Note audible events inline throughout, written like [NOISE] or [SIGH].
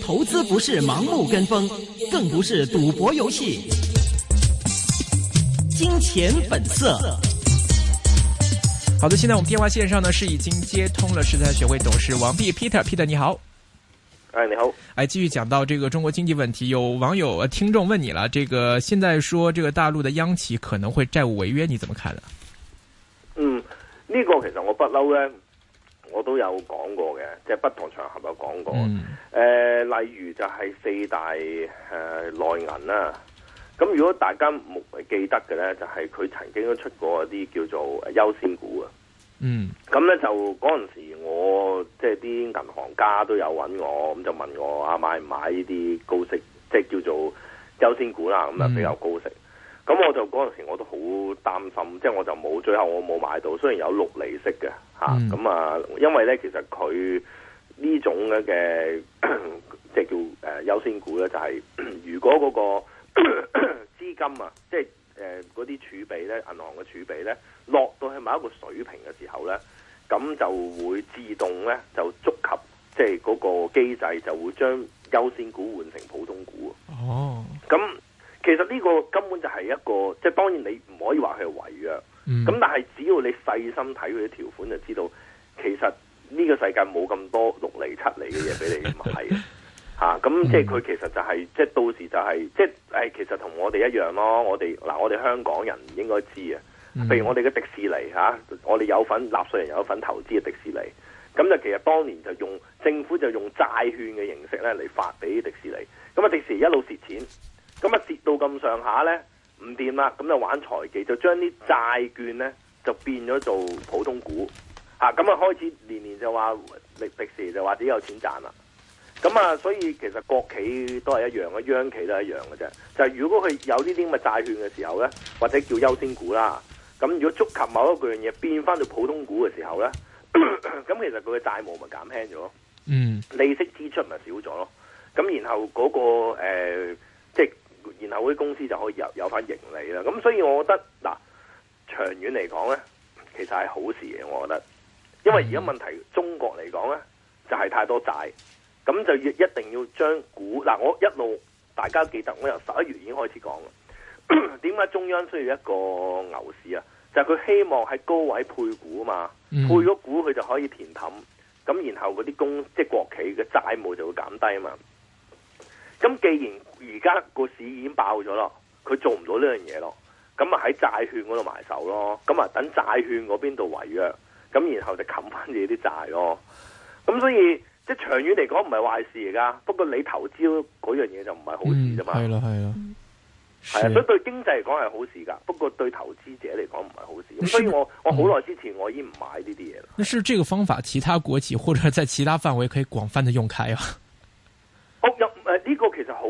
投資不是盲目跟風，更不是賭博遊戲。金錢本色。好的，現在我們電話線上呢是已經接通了十三學會董事王弼 Peter，Peter 你好。哎，你好。哎，繼續講到這個中國經濟問題，有網友聽眾問你了，這個現在說這個大陸的央企可能會債務違約，你怎麼看呢？嗯，呢個其實我不嬲呢。我都有講過嘅，即係不同場合有講過。誒、嗯呃，例如就係四大誒、呃、內銀啦、啊。咁如果大家唔記得嘅咧，就係、是、佢曾經都出過一啲叫做優先股啊。嗯。咁咧就嗰陣時我，我即係啲銀行家都有揾我，咁就問我啊買唔買呢啲高息，即係叫做優先股啦。咁啊比較高息。咁、嗯、我就嗰陣時候我都好擔心，即係我就冇，最後我冇買到。雖然有六釐息嘅。咁啊，嗯、因為咧，其實佢呢種嘅即係叫誒優先股咧，就係、就是、如果嗰、那個資金啊，即係誒嗰啲儲備咧，銀行嘅儲備咧，落到去某一個水平嘅時候咧，咁就會自動咧就觸及，即係嗰個機制就會將優先股換成普通股。哦，咁其實呢個根本就係一個，即、就、係、是、當然你唔可以話佢係違約。咁、嗯、但係只要你細心睇佢啲條款就知道，其實呢個世界冇咁多六厘七厘嘅嘢俾你，買吓。咁即係佢其實就係，即係到時就係，即係誒，其實同我哋一樣咯。我哋嗱，我哋香港人應該知啊。譬如我哋嘅迪士尼吓、啊，我哋有份納稅人有份投資嘅迪士尼，咁就其實當年就用政府就用債券嘅形式咧嚟發俾迪士尼，咁啊迪士尼一路蝕錢，咁啊跌到咁上下咧。唔掂啦，咁就玩財技，就將啲債券咧就變咗做普通股，吓咁啊就開始年年就話，時就話自己有錢賺啦。咁啊，所以其實國企都係一樣嘅，央企都係一樣嘅啫。就係、是、如果佢有呢啲咁嘅債券嘅時候咧，或者叫優先股啦，咁如果觸及某一個樣嘢變翻到普通股嘅時候咧，咁 [COUGHS] 其實佢嘅債務咪減輕咗，嗯，利息支出咪少咗咯。咁然後嗰、那個誒、呃，即係。然後啲公司就可以有有翻盈利啦，咁所以我覺得嗱，長遠嚟講咧，其實係好事嘅，我覺得，因為而家問題中國嚟講咧，就係、是、太多債，咁就要一定要將股嗱，我一路大家記得，我由十一月已經開始講啦，點解中央需要一個牛市啊？就係佢、是、希望喺高位配股啊嘛，嗯、配咗股佢就可以填氹，咁然後嗰啲公即係國企嘅債務就會減低啊嘛。咁既然而家個市已經爆咗咯，佢做唔到呢樣嘢咯，咁啊喺債券嗰度埋手咯，咁啊等債券嗰邊度違約，咁然後就冚翻自己啲債咯。咁所以即係長遠嚟講唔係壞事嚟㗎，不過你投資嗰樣嘢就唔係好事啫嘛。係咯係咯，係啊。所以對經濟嚟講係好事㗎，不過對投資者嚟講唔係好事。是是嗯、所以我我好耐之前我已經唔買呢啲嘢啦。但是這個方法，其他國企或者在其他範圍可以廣泛的用開啊。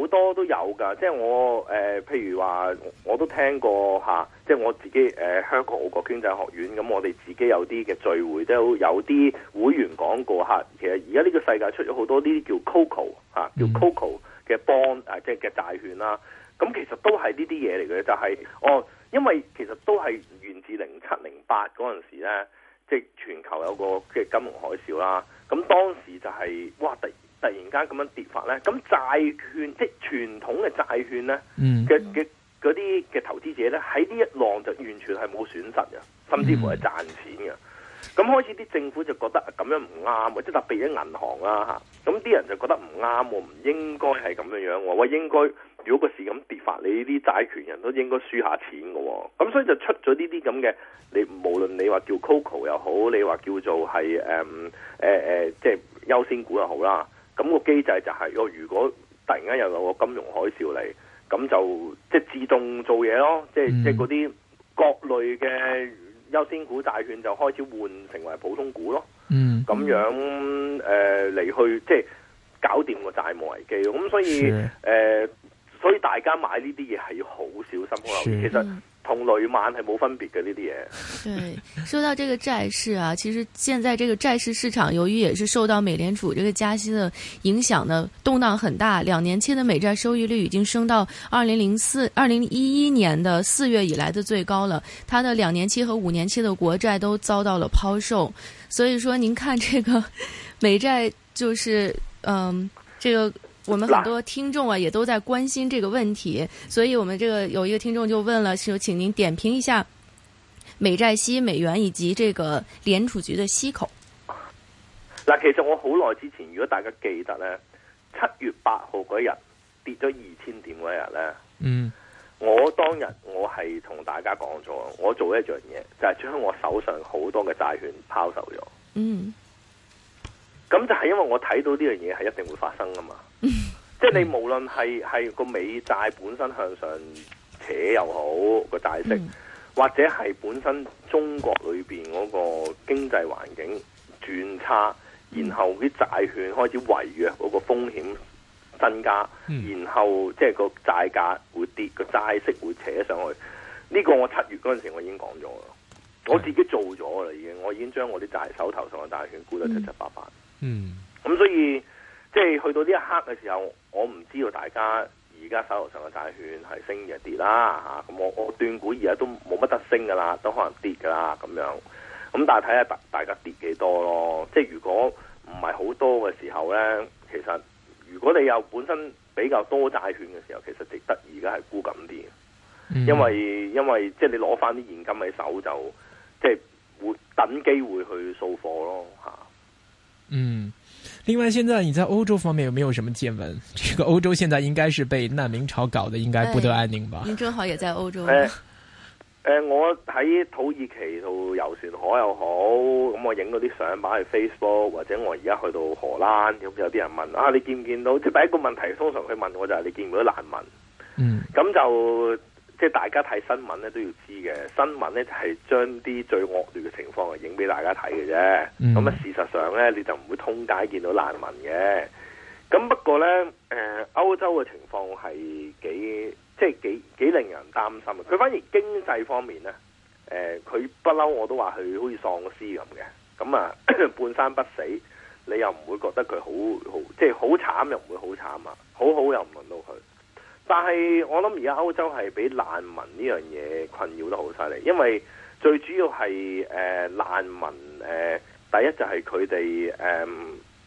好多都有噶，即係我誒、呃，譬如話我都聽過吓、啊，即係我自己誒、呃，香港奧國經濟學院咁，我哋自己有啲嘅聚會都有啲會員講過吓。其實而家呢個世界出咗好多呢啲叫 Coco 吓 CO、啊，叫 Coco 嘅 Bond 啊，即係嘅債券啦。咁、啊、其實都係呢啲嘢嚟嘅，就係、是、哦，因為其實都係源自零七零八嗰陣時咧，即、就、係、是、全球有個嘅金融海嘯啦。咁當時就係、是、哇，突然。突然間咁樣跌發咧，咁債券即係傳統嘅債券咧嘅嘅嗰啲嘅投資者咧，喺呢一浪就完全係冇損失嘅，甚至乎係賺錢嘅。咁、嗯、開始啲政府就覺得咁樣唔啱，即係特別啲銀行啦、啊、吓。咁啲人就覺得唔啱，唔應該係咁樣樣。喂，應該如果個時咁跌發，你呢啲債權人都應該輸下錢嘅、啊。咁所以就出咗呢啲咁嘅，你無論你話叫 Coco 又好，你話叫做係誒誒誒，即係優先股又好啦。咁個機制就係、是、個如果突然間又有個金融海嘯嚟，咁就即係自動做嘢咯，即係、嗯、即嗰啲各類嘅優先股債券就開始換成為普通股咯。嗯，咁樣嚟、呃、去即係搞掂個債務危機。咁所以的、呃、所以大家買呢啲嘢係要好小心，的其實同雷曼係冇分別嘅呢啲嘢。對，說到這個債市啊，其實現在這個債市市場由於也是受到美聯儲這個加息的影響呢，動盪很大。兩年期的美債收益率已經升到二零零四、二零一一年的四月以來的最高了。它的兩年期和五年期的國債都遭到了拋售，所以說您看這個美債就是，嗯、呃，這個。我們很多聽眾啊，也都在關心這個問題，所以，我們這個有一個聽眾就問了，就請您點評一下美債息、美元以及這個聯儲局的息口。嗱，其實我好耐之前，如果大家記得呢，七月八號嗰日那跌咗二千點嗰日呢，嗯，我當日我係同大家講咗，我做一樣嘢，就係、是、將我手上好多嘅債券拋售咗，嗯，咁就係因為我睇到呢樣嘢係一定會發生噶嘛。嗯、即係你無論係係個美債本身向上扯又好，個債息，嗯、或者係本身中國裏邊嗰個經濟環境轉差，然後啲債券開始違約，嗰個風險增加，嗯、然後即係個債價會跌，個債息會扯上去。呢、這個我七月嗰陣時候我已經講咗，嗯、我自己做咗啦已經，我已經將我啲債手頭上嘅債券沽得七七八八。嗯，咁所以。即係去到呢一刻嘅時候，我唔知道大家而家手頭上嘅債券係升定係跌啦吓。咁、啊、我我斷估而家都冇乜得升噶啦，都可能跌噶啦咁樣。咁、嗯、但係睇下大大家跌幾多咯。即係如果唔係好多嘅時候咧，嗯、其實如果你有本身比較多債券嘅時候，其實值得而家係沽緊啲。因為、嗯、因為即係你攞翻啲現金喺手，就即係會等機會去掃貨咯吓。啊、嗯。另外，現在你在歐洲方面有沒有什麼見聞？這個歐洲現在應該是被難民潮搞得，應該不得安寧吧？您正好也在歐洲、 [LAUGHS] 呃。誒、呃，我喺土耳其度遊船河又好，咁我影嗰啲相擺喺 Facebook，或者我而家去到荷蘭，咁有啲人問啊，你見唔見到？即係第一個問題，通常佢問我就係你見唔到難民？嗯，咁就、 [LAUGHS] 嗯。即係大家睇新聞咧都要知嘅，新聞咧就係將啲最惡劣嘅情況啊影俾大家睇嘅啫。咁啊、嗯，事實上咧你就唔會通街見到難民嘅。咁不過咧，誒歐洲嘅情況係幾即係幾幾令人擔心嘅。佢反而經濟方面咧，誒佢不嬲我都話佢好似喪屍咁嘅。咁啊，半生不死，你又唔會覺得佢好好，即係好慘又唔會好慘啊，好好又唔問到佢。但係我諗而家歐洲係俾難民呢樣嘢困擾得好犀利，因為最主要係誒、呃、難民誒、呃、第一就係佢哋誒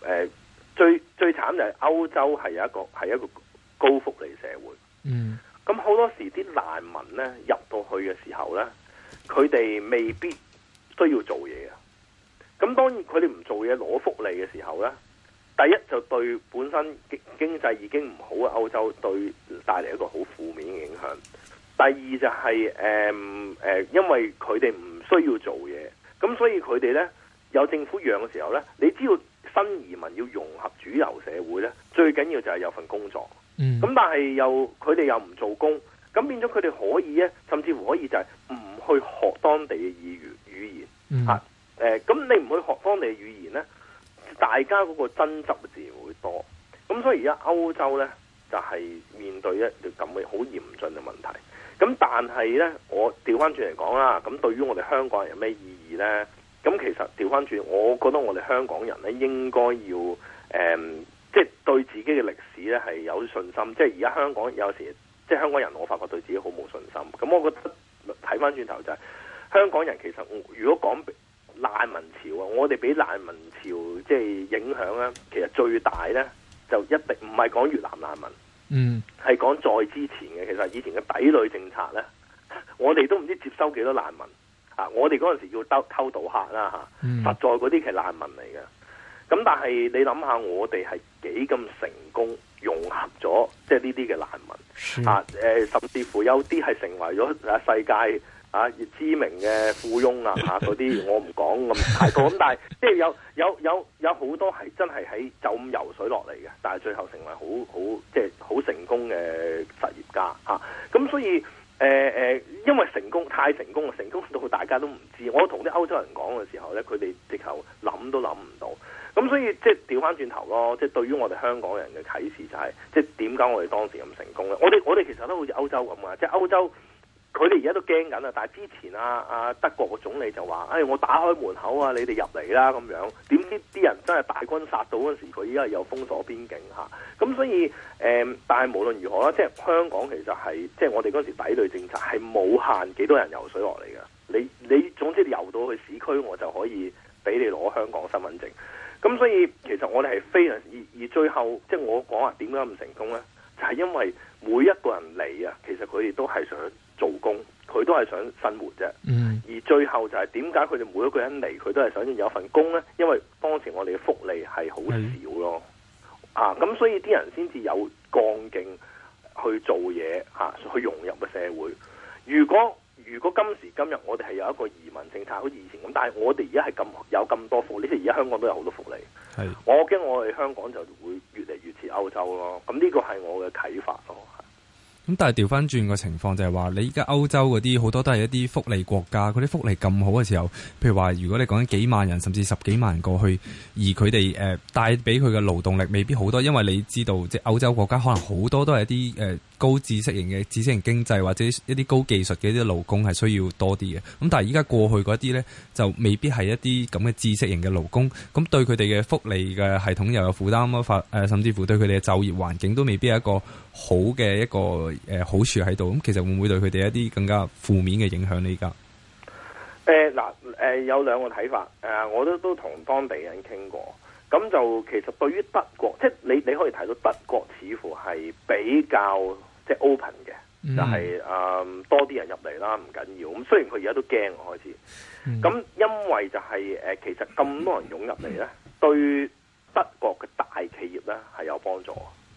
誒最最慘就係歐洲係有一個係一個高福利社會，嗯，咁好多時啲難民咧入到去嘅時候咧，佢哋未必需要做嘢啊，咁當然佢哋唔做嘢攞福利嘅時候咧。第一就對本身經經濟已經唔好嘅歐洲對帶嚟一個好負面嘅影響。第二就係誒誒，因為佢哋唔需要做嘢，咁所以佢哋咧有政府養嘅時候咧，你知道新移民要融合主流社會咧，最緊要就係有份工作。嗯，咁但係又佢哋又唔做工，咁變咗佢哋可以咧，甚至乎可以就係唔去學當地嘅語言語言。嗯，嚇誒，咁你唔去學當地嘅語言咧，大家嗰個爭執自然會多，咁所以而家歐洲呢，就係、是、面對一啲咁嘅好嚴峻嘅問題，咁但係呢，我調翻轉嚟講啦，咁對於我哋香港人有咩意義呢？咁其實調翻轉，我覺得我哋香港人呢應該要誒，即、嗯、係、就是、對自己嘅歷史呢係有信心。即係而家香港有時即係、就是、香港人，我發覺對自己好冇信心。咁我覺得睇翻轉頭就係、是、香港人，其實如果講。難民潮啊！我哋俾難民潮即係、就是、影響咧，其實最大咧就一定唔係講越南難民，嗯，係講再之前嘅，其實以前嘅抵壘政策咧，我哋都唔知道接收幾多少難民啊！我哋嗰陣時叫偷偷渡客啦吓，實在嗰啲係難民嚟嘅。咁但係你諗下，我哋係幾咁成功融合咗即係呢啲嘅難民啊？誒是，甚至乎有啲係成為咗誒世界。啊！知名嘅富翁啊，嗰啲我唔講咁太多。咁但係即係有有有有好多係真係喺就咁游水落嚟嘅，但係最後成為好好即係好成功嘅實業家吓。咁、啊、所以誒誒、呃，因為成功太成功啦，成功到大家都唔知。我同啲歐洲人講嘅時候咧，佢哋直頭諗都諗唔到。咁所以即係調翻轉頭咯，即係對於我哋香港人嘅啟示就係、是，即係點解我哋當時咁成功咧？我哋我哋其實都好似歐洲咁啊，即係歐洲。佢哋而家都驚緊啦，但係之前啊啊德國個總理就話：誒、哎、我打開門口啊，你哋入嚟啦咁樣。點知啲人真係大軍殺到嗰時候，佢依家又封鎖邊境嚇。咁所以誒、嗯，但係無論如何啦，即係香港其實係即係我哋嗰時抵壘政策係冇限幾多人游水落嚟嘅。你你總之你游到去市區，我就可以俾你攞香港身份證。咁所以其實我哋係非常而而最後，即係我講話點解唔成功咧，就係、是、因為每一個人嚟啊，其實佢哋都係想。做工，佢都係想生活啫。嗯、而最後就係點解佢哋每一個人嚟，佢都係想要有份工呢？因為當時我哋嘅福利係好少咯。咁是、啊、所以啲人先至有幹勁去做嘢吓，去融入個社會。如果如果今時今日我哋係有一個移民政策，好似以前咁，但係我哋而家係咁有咁多福利，即係而家香港都有好多福利。是我驚我哋香港就會越嚟越似歐洲咯。咁呢個係我嘅啟發咯。咁但係調翻轉個情況就係話，你而家歐洲嗰啲好多都係一啲福利國家，佢啲福利咁好嘅時候，譬如話，如果你講緊幾萬人甚至十幾萬人過去，而佢哋誒帶俾佢嘅勞動力未必好多，因為你知道，即係歐洲國家可能好多都係一啲誒高知識型嘅知識型經濟，或者一啲高技術嘅一啲勞工係需要多啲嘅。咁但係依家過去嗰啲呢，就未必係一啲咁嘅知識型嘅勞工。咁對佢哋嘅福利嘅系統又有負擔咯。發甚至乎對佢哋嘅就業環境都未必係一個好嘅一個誒好處喺度。咁其實會唔會對佢哋一啲更加負面嘅影響呢？而家誒嗱誒，有兩個睇法。誒、呃，我都都同當地人傾過。咁就其實對於德國，即係你你可以睇到德國似乎係比較。即係 open 嘅，就係誒，嗯，多啲人入嚟啦，唔緊要。咁雖然佢而家都驚開始，咁因為就係誒其實咁多人湧入嚟咧，對德國嘅大企業咧係有幫助。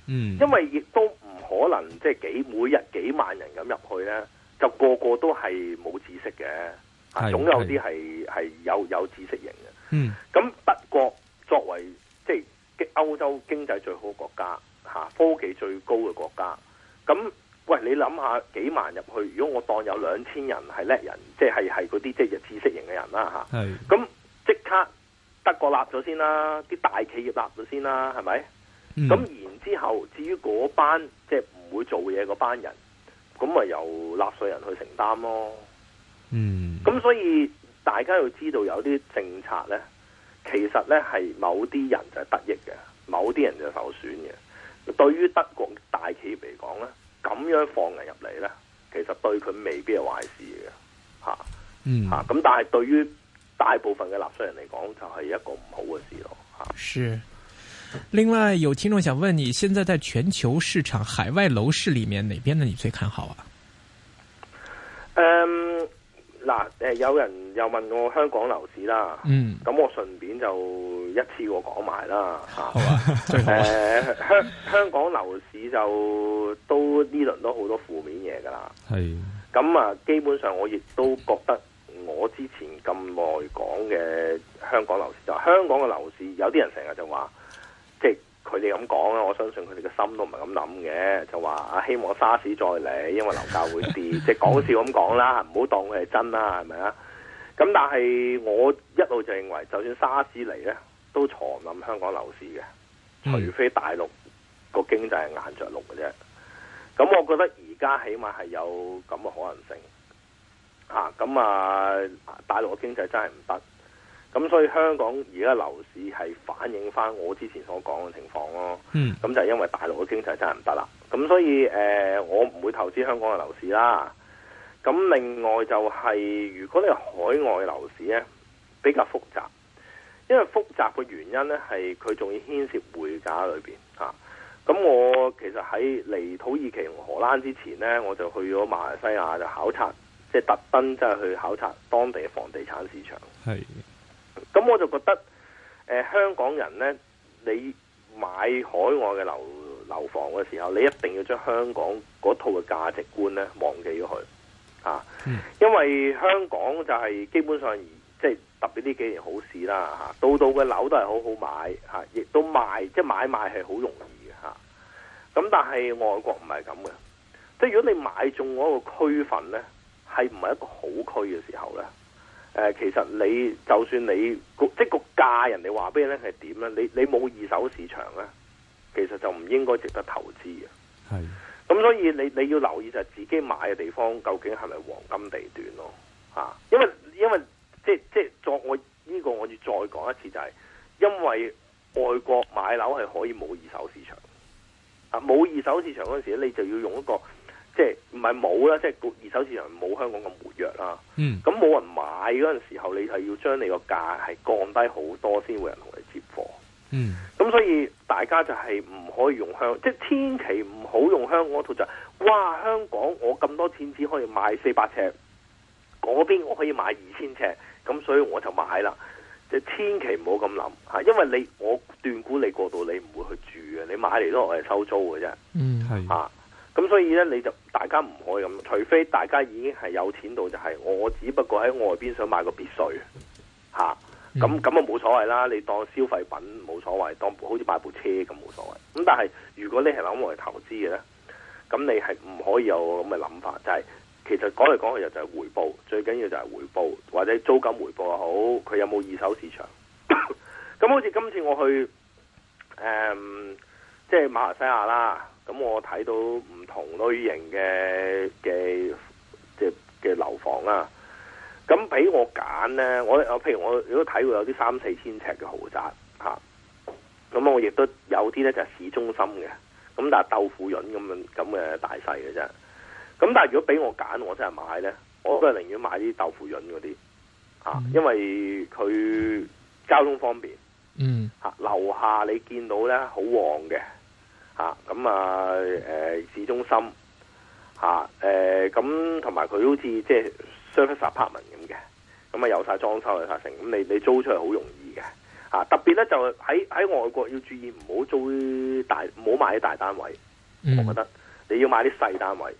嗯，因為亦都唔可能即係幾每日幾萬人咁入去咧，就個個都係冇知識嘅，係總有啲係係有有知識型嘅。嗯，咁德國作為即係歐洲經濟最好嘅國家，嚇科技最高嘅國家。咁，喂，你諗下幾萬入去，如果我當有兩千人係叻人，即係係嗰啲即係知識型嘅人啦，吓。係。咁即刻德國立咗先啦，啲大企業立咗先啦，係咪？咁、嗯、然之後，至於嗰班即係唔會做嘢嗰班人，咁咪由納稅人去承擔咯。嗯。咁所以大家要知道，有啲政策呢，其實呢係某啲人就係得益嘅，某啲人就受損嘅。對於德國大企業嚟講呢，咁樣放人入嚟呢，其實對佢未必係壞事嘅，吓、嗯，吓，咁但係對於大部分嘅納稅人嚟講，就係、是、一個唔好嘅事咯，吓。另外，有聽眾想問你，現在在全球市場、海外樓市裏面，哪邊呢？你最看好啊？嗯嗱，誒、呃、有人又問我香港樓市啦，咁、嗯、我順便就一次過講埋啦嚇。好啊。誒，香香港樓市就都呢輪都好多負面嘢㗎啦。係的，咁啊基本上我亦都覺得我之前咁耐講嘅香港樓市就係、香港嘅樓市，有啲人成日就話。佢哋咁講咧，我相信佢哋嘅心都唔係咁諗嘅，就話啊希望沙士再嚟，因為樓價會跌， [LAUGHS] 即係講笑咁講啦，唔好當佢係真啦，係咪啊？咁但係我一路就認為，就算沙士嚟呢，都坐唔冧香港樓市嘅，除非大陸個經濟係硬着陸嘅啫。咁我覺得而家起碼係有咁嘅可能性啊！咁啊，大陸嘅經濟真係唔得。咁所以香港而家樓市係反映翻我之前所講嘅情況咯、哦。咁、嗯、就係因為大陸嘅經濟真係唔得啦。咁所以誒、呃、我唔會投資香港嘅樓市啦。咁另外就係、是、如果你海外樓市咧，比較複雜，因為複雜嘅原因咧，係佢仲要牽涉匯價裏邊啊。咁我其實喺嚟土耳其同荷蘭之前咧，我就去咗馬來西亞就考察，即、就、係、是、特登即係去考察當地嘅房地產市場。咁我就覺得，誒、呃，香港人咧，你買海外嘅樓樓房嘅時候，你一定要將香港嗰套嘅價值觀咧忘記咗佢，啊嗯、因為香港就係基本上，即係特別呢幾年好事啦，啊、到到嘅樓都係好好買，吓、啊，亦都賣，即係買賣係好容易嘅吓。咁、啊、但係外國唔係咁嘅，即係如果你買中嗰個區份咧，係唔係一個好區嘅時候咧？誒，其實你就算你即、即係、個價，人哋話俾你咧係點咧，你你冇二手市場咧，其實就唔應該值得投資嘅。係的，咁所以你你要留意就係自己買嘅地方究竟係咪黃金地段咯？吓，因為因為即即作我呢、呢個我要再講一次就係，因為外國買樓係可以冇二手市場，啊冇二手市場嗰時咧，你就要用一個。唔係冇啦，即係二手市場冇香港咁活躍啦。咁冇、嗯、人買嗰陣時候，你係要將你個價係降低好多先會有人同你接貨。咁、嗯、所以大家就係唔可以用香港，即係千祈唔好用香港套就。哇！香港我咁多錢只可以買四百尺，嗰邊我可以買二千尺，咁所以我就買啦。即千祈唔好咁諗嚇，因為你我斷估你過度，你唔會去住嘅，你買嚟都係收租嘅啫。嗯，係嚇。咁所以咧，你就大家唔可以咁，除非大家已經係有錢到就係、是、我，只不過喺外邊想買個別墅，吓咁咁啊冇所謂啦，你當消費品冇所謂，當好似買部車咁冇所謂。咁但係如果你係諗我嚟投資嘅咧，咁你係唔可以有咁嘅諗法，就係、是、其實講嚟講去就係回報，最緊要就係回報，或者租金回報又好，佢有冇二手市場？咁 [LAUGHS] 好似今次我去誒。嗯即係馬來西亞啦，咁我睇到唔同類型嘅嘅即係嘅樓房啦。咁俾我揀咧，我我譬如我如果睇過有啲三四千尺嘅豪宅吓，咁、啊、我亦都有啲咧就係市中心嘅，咁但係豆腐潤咁樣咁嘅大細嘅啫。咁但係如果俾我揀，我真係買咧，我都係寧願買啲豆腐潤嗰啲，因為佢交通方便，啊、嗯吓樓下你見到咧好旺嘅。啊，咁啊，誒，市中心吓，誒、啊，咁同埋佢好似即係 service apartment 咁嘅，咁、嗯、啊有晒裝修有晒成。咁你你租出嚟，好容易嘅，吓、啊，特別咧，就喺喺外國要注意，唔好租大，唔好買啲大單位，mm. 我覺得你要買啲細單位，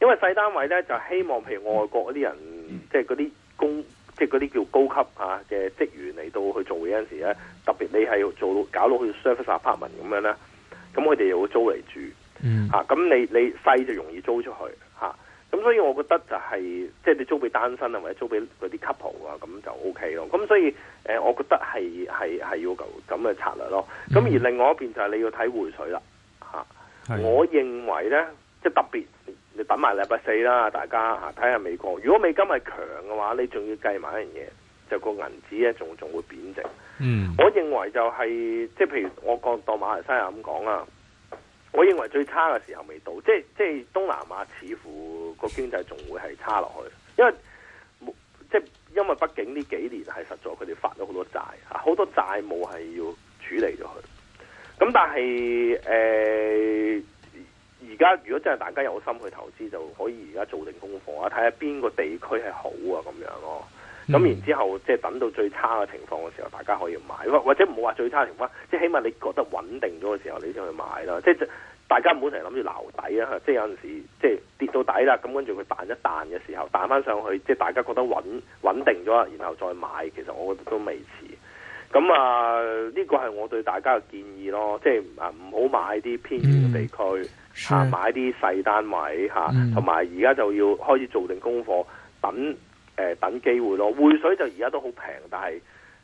因為細單位咧就希望譬如外國嗰啲人，mm. 即係嗰啲工，即係啲叫高級嘅、啊、職員嚟到去做嗰陣時咧，特別你係做搞到好似 service apartment 咁樣咧。咁佢哋又會租嚟住，咁、嗯啊、你你細就容易租出去咁、啊、所以我覺得就係即係你租俾單身啊，或者租俾嗰啲 couple 啊、OK，咁就 O K 咯。咁所以誒、呃，我覺得係係係要咁嘅策略咯。咁、啊嗯、而另外一邊就係你要睇匯水啦，嚇、啊。是我認為咧，即係特別你等埋禮拜四啦，大家睇下美國。如果美金係強嘅話，你仲要計埋一樣嘢。就個銀紙咧，仲仲會貶值。嗯，我認為就係即係，譬如我講當馬來西亞咁講啊。我認為最差嘅時候未到，即係即係東南亞似乎個經濟仲會係差落去，因為即係因為畢竟呢幾年係實在佢哋發咗好多債啊，好多債務係要處理咗佢。咁但係誒，而家如果真係大家有心去投資，就可以而家做定功課啊，睇下邊個地區係好啊咁樣咯。咁、嗯、然之後，即係等到最差嘅情況嘅時候，大家可以買，或或者唔好話最差情況，即係起碼你覺得穩定咗嘅時候，你先去買啦。即係大家唔好成日諗住留底啊，即係有陣時即係跌到底啦，咁跟住佢彈一彈嘅時候，彈翻上去，即係大家覺得穩，穩定咗，然後再買，其實我覺得都未遲。咁啊，呢個係我對大家嘅建議咯，即係啊唔好買啲偏遠嘅地區，嚇買啲細單位同埋而家就要開始做定功課，等。誒、呃，等機會咯，匯水就而家都好平，但係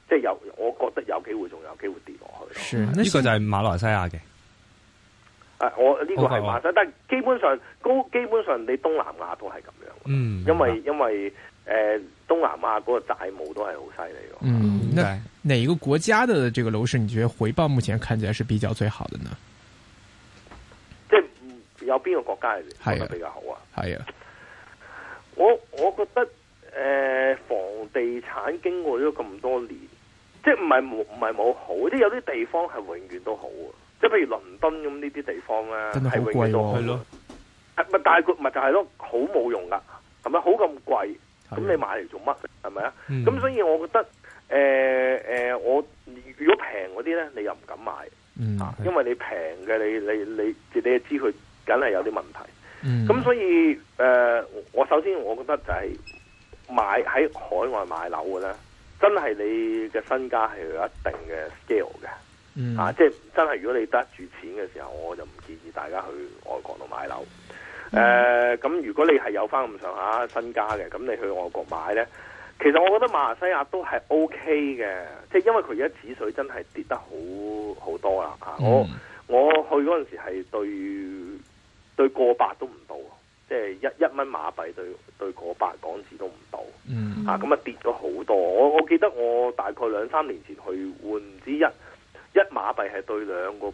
即係有，我覺得有機會，仲有機會跌落去。呢個就係馬來西亞嘅。啊，我呢、這個係馬來西亞，但係基本上，基本上你東南亞都係咁樣的。嗯，因為、啊、因為誒、呃、東南亞嗰個債務都係好犀利嘅。嗯，對那哪個國家的這個樓市，你覺得回報目前看起來是比較最好的呢？即係有邊個國家係覺得比較好啊？係啊，我我覺得。誒，房地產經過咗咁多年，即係唔係冇唔係冇好，即係有啲地方係永遠都好，即係譬如倫敦咁呢啲地方咧係、啊、永遠都好。咯對了、就是，唔係但係佢咪就係咯，好冇用啦，係咪好咁貴？咁是的 你買嚟做乜？係咪啊？咁、嗯、所以我覺得誒誒、呃呃，我如果平嗰啲咧，你又唔敢買，嗯啊、因為你平嘅你你你自己知佢梗係有啲問題，咁、嗯、所以誒、呃，我首先我覺得就係、是。買喺海外買樓嘅咧，真係你嘅身家係有一定嘅 scale 嘅，嗯、啊，即係真係如果你得住錢嘅時候，我就唔建議大家去外國度買樓。誒、嗯、咁、呃、如果你係有返咁上下身家嘅，咁你去外國買咧，其實我覺得馬來西亞都係 OK 嘅，即係因為佢而家紙水真係跌得好好多啦、嗯。我我去嗰陣時係對對過百都唔到。即係一一蚊馬幣對對個八港紙都唔到，mm hmm。啊咁啊跌咗好多。我我記得我大概兩三年前去換，之一一馬幣係對兩個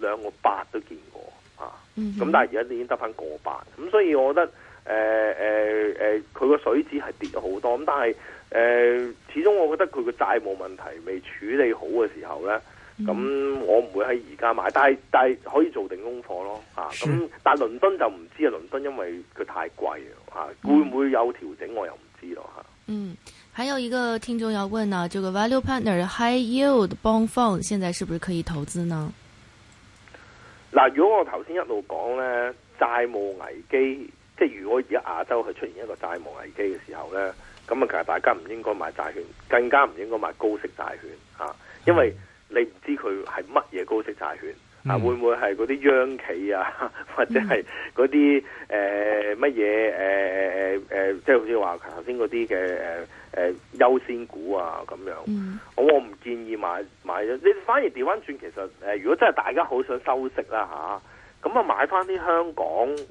兩個八都見過啊。咁、mm hmm. 啊、但係而家已經得翻個八，咁所以我覺得誒誒誒，佢、呃、個、呃呃、水紙係跌咗好多。咁但係誒、呃，始終我覺得佢個債務問題未處理好嘅時候咧。咁、嗯、我唔會喺而家買，但係但係可以做定功課咯，吓、啊、咁。是但倫敦就唔知啊，倫敦因為佢太貴啊，會唔會有調整，我又唔知咯吓。啊、嗯，還有一個聽眾要問呢、啊、這個 Value Partner High Yield Bond Fund 現在是不是可以投資呢？嗱，如果我頭先一路講呢，債務危機，即係如果而家亞洲係出現一個債務危機嘅時候呢，咁啊，其實大家唔應該買債券，更加唔應該買高息債券啊，因為。你唔知佢係乜嘢高息債券、嗯、啊？會唔會係嗰啲央企啊，或者係嗰啲誒乜嘢誒誒誒，即係好似話頭先嗰啲嘅誒誒優先股啊咁樣？嗯、我我唔建議買買咗。你反而調返轉，其實誒、呃，如果真係大家好想收息啦、啊、嚇。咁啊，買翻啲香港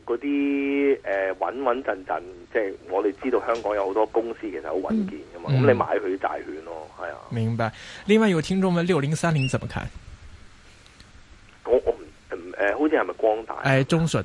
嗰啲誒穩穩陣陣，即、呃、係、就是、我哋知道香港有好多公司其實好穩健噶嘛，咁、嗯嗯、你買佢債券咯，係啊。明白。另外有聽眾問六零三零怎麼看？我我唔誒、呃，好似係咪光大？誒、哎，中信，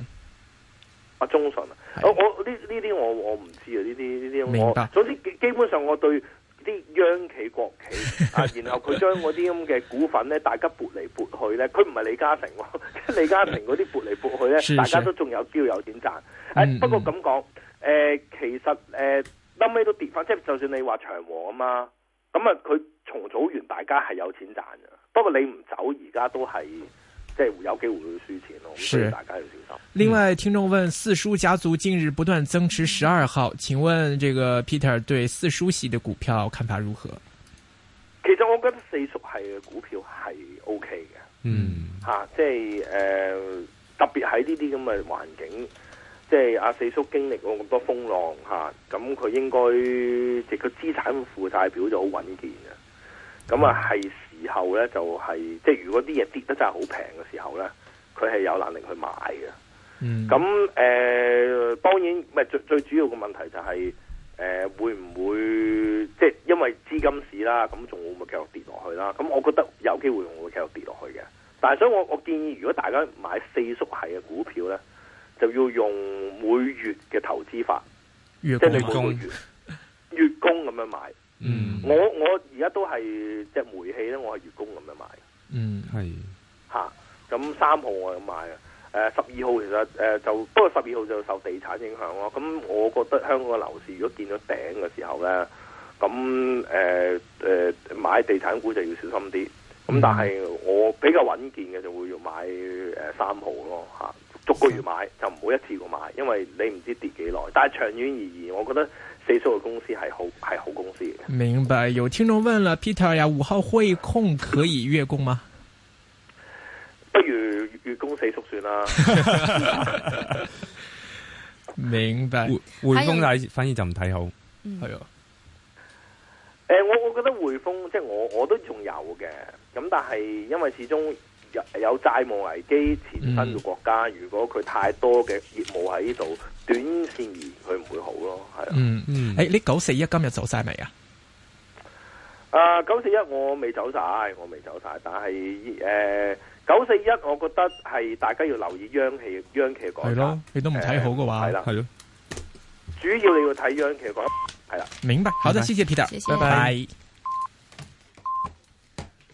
啊？中信啊，我我呢呢啲我我唔知啊，呢啲呢啲我，總之明白基本上我對。啲央企國企啊，然後佢將嗰啲咁嘅股份咧，大家撥嚟撥去咧，佢唔係李嘉誠咯，即 [LAUGHS] 係李嘉誠嗰啲撥嚟撥去咧，是是大家都仲有機會有錢賺。誒是是、哎，不過咁講，誒、呃、其實誒，嬲尾都跌翻，即係、嗯、就算你話長和啊嘛，咁啊佢重組完，大家係有錢賺嘅。不過你唔走現在，而家都係。即係有機會會輸錢咯，希望大家要小心。另外，聽眾問、嗯、四叔家族近日不斷增持十二號，請問這個 Peter 對四叔系的股票看法如何？其實我覺得四叔系嘅股票係 OK 嘅，嗯、吓、啊，即係誒、呃，特別喺呢啲咁嘅環境，即係阿、啊、四叔經歷過咁多風浪吓，咁、啊、佢應該即個資產負債表就好穩健嘅，咁啊係。嗯以後咧就係、是、即係如果啲嘢跌得真係好平嘅時候咧，佢係有能力去買嘅。咁誒、嗯呃，當然，最最主要嘅問題就係、是、誒、呃，會唔會即係因為資金市啦，咁仲會唔會繼續跌落去啦？咁我覺得有機會會繼續跌落去嘅。但係所以我，我我建議如果大家買四叔係嘅股票咧，就要用每月嘅投資法，工即係月 [LAUGHS] 月供咁樣買。嗯，我我而家都係隻煤氣咧，我係月供咁樣買的。嗯，係吓咁三號我咁買啊，誒十二號其實誒、呃、就不過十二號就受地產影響咯。咁我覺得香港嘅樓市如果見到頂嘅時候咧，咁誒誒買地產股就要小心啲。咁、嗯、但係我比較穩健嘅就會要買誒三、呃、號咯吓，逐個月買就唔好一次過買，因為你唔知道跌幾耐。但係長遠而言，我覺得。四叔嘅公司係好係好公司嘅。明白，有聽眾問啦，Peter 呀，五號匯控可以月供嗎？ [LAUGHS] 不如月，月供四叔算啦。 [LAUGHS] [LAUGHS] 明白，匯豐反而就唔睇好，係啊。誒，我我覺得匯豐即係我我都仲有嘅，咁但係因為始終有有債務危機前身嘅國家，嗯、如果佢太多嘅業務喺呢度。短線而佢唔會好咯。係啊、嗯，嗯嗯，誒、欸，呢九四一今日走晒未啊？誒、呃，九四一我未走晒，我未走晒。但係誒，九四一我覺得係大家要留意央企央企嘅股價。係咯，你都唔睇好嘅話，係啦、呃，係咯。的的主要你要睇央企股，係啦。明白，好的，謝謝 Peter，拜拜。拜拜拜拜。